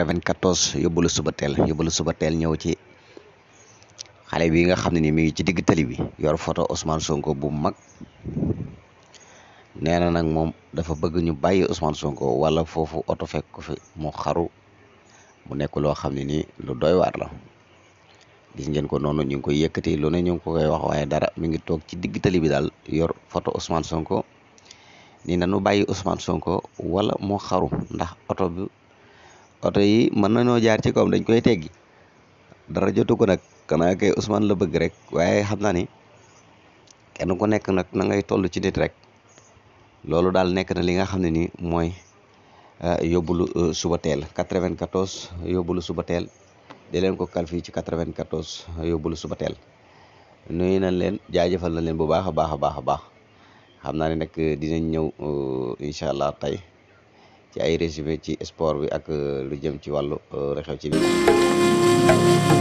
94 yóbbalu suba teel yóbbalu suba teel ñëw ci xale bi nga xam ne ni mi ngi ci digg tali bi yor photo Ousmane Sonko bu mag nee na nag moom dafa bëgg ñu bàyyi Ousmane Sonko wala foofu oto fekk ko fi mu xaru mu nekk loo xam ne ni lu doy waar la. gis ngeen ko noonu ñu ngi koy yëkkati lu ne ñu ko koy wax waaye dara mi ngi toog ci digg tali bi daal yor photo Ousmane Sonko ni nu bàyyi Ousmane Sonko wala mu xaru ndax oto bi oto yi mën nañoo jaar ci kawam dañ koy teggi dara jotu ko nag xanaa kay Ousmane la bëgg rek waaye xam naa ni kenn ku nekk nag na ngay toll ci nit rek loolu daal nekk na li nga xam ne ni mooy euh, euh, yóbbulu suba teel 94 yóbbulu suba teel di leen ko kal fii ci 94 yóbbulu suba teel nuyu na leen jaajëfal na leen bu baax a baax a baax a baax xam naa ne nag euh, dinañ ñëw euh, incha allah tey ci ay résumé ci sport bi ak euh, lu jëm ci wàllu xew ci bi